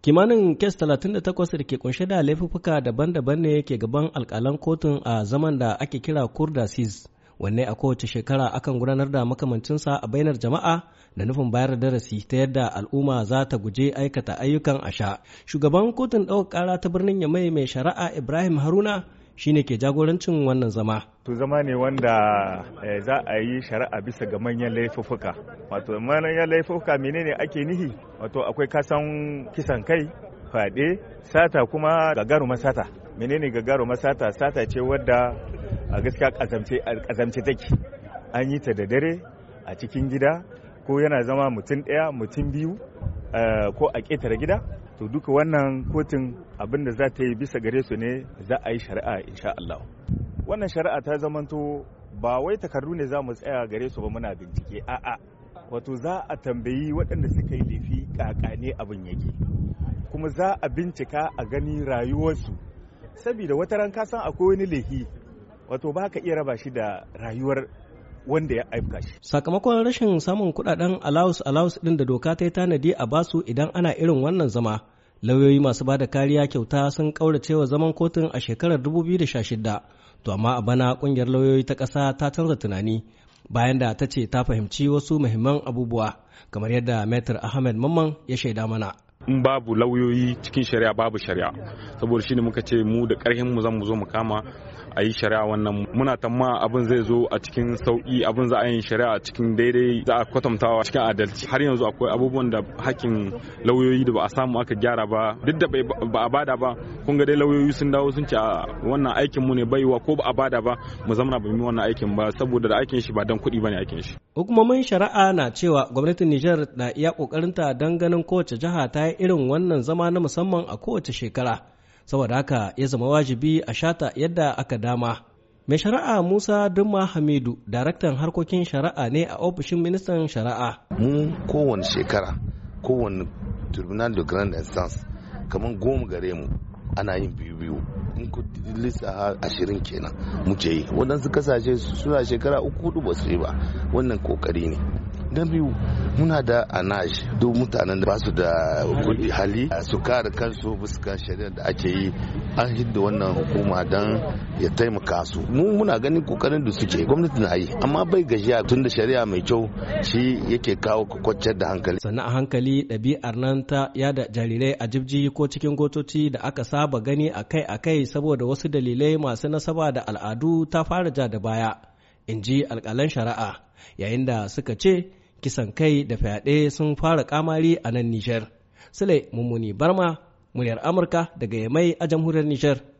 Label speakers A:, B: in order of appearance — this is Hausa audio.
A: Kimanin kes 38 da ke kunshe da laifuka daban-daban ne ke gaban alkalan kotun a zaman da ake kira kurda sis wanne a kowace shekara akan gudanar da makamancinsa a bainar jama'a da nufin bayar da darasi ta yadda al'umma za ta guje aikata ayyukan asha. Shugaban kotun ɗaukar ƙara ta birnin Yamai mai shari'a Ibrahim Haruna shine ke jagorancin wannan zama.
B: To zama ne wanda eh, za a yi shari'a bisa ga manyan laifuka. Wato manyan laifuka menene ake nihi? Wato akwai kasan kisan kai, faɗe, sata kuma gagaru sata. Menene gagaru sata? Sata ce wadda a gaskiya kazamce take. An yi ta da dare a cikin gida ko yana zama mutum ɗaya mutum biyu eh, ko a ketare gida to duka wannan kotun abin da za ta yi bisa gare su ne za a yi shari'a insha Allah wannan shari'a ta zamanto ba wai takardu ne za mu tsaya gare su ba muna bincike a'a wato za a tambayi waɗanda suka yi laifi kakane abin yake kuma za a bincika a gani rayuwarsu saboda wata ran ka san akwai wani laifi wato ba ka iya raba shi da rayuwar wanda ya aibka shi.
A: Sakamakon rashin samun kuɗaɗen allowance allowance ɗin da doka ta yi tanadi a basu idan ana irin wannan zama lauyoyi masu bada kariya kyauta sun kauracewa zaman kotun a shekarar 2016 to amma a bana ƙungiyar lauyoyi ta ƙasa ta canza tunani bayan da ta ce ta fahimci wasu muhimman abubuwa kamar yadda metr ahmed mamman ya shaida mana
C: in babu lauyoyi cikin shari'a babu shari'a saboda shine muka ce mu da karhin mu zan mu zo mu kama a yi shari'a wannan muna tamma abin zai zo a cikin sauki abin za a yi shari'a cikin daidai za a kwatantawa cikin adalci har yanzu akwai abubuwan da hakkin lauyoyi da ba a samu aka gyara ba duk da ba a bada ba kun ga dai lauyoyi sun dawo sun ce a wannan aikin mu ne baiwa ko ba a bada ba mu zamana ba mu wannan aikin ba saboda da aikin shi ba dan kuɗi bane aikin shi hukumomin
A: shari'a na cewa gwamnatin Nijar na iya kokarinta dan ganin kowace jiha ta yi irin wannan zama na musamman a kowace shekara saboda haka ya zama wajibi a shata yadda aka dama mai shari'a musa dumma hamidu daraktan harkokin shari'a ne a ofishin ministan shari'a
D: mu kowane shekara kowane tribunal de grand instance kamar goma gare mu ana yin biyu biyu in ku lissa ashirin kenan muke yi waɗansu kasashe suna shekara uku hudu ba su yi ba wannan kokari ne na biyu muna da anaj duk mutanen da ba su da kudi hali su kare kansu fuska shari'ar da ake yi an hidda wannan hukuma don ya taimaka su mu muna ganin kokarin da suke gwamnati na yi amma bai gajiya tun da shari'a mai kyau shi yake kawo kwakwacciyar da hankali
A: sannan a hankali ɗabi'ar nan ta yada jarirai a jibji ko cikin gotoci da aka saba gani akai-akai saboda wasu dalilai masu nasaba da al'adu ta fara ja da baya in ji alƙalan shari'a yayin da suka ce kisan kai da fyaɗe sun fara kamari a nan Nijar. Sule Mummuni Barma, muryar Amurka daga Yamai a jamhuriyar Nijar.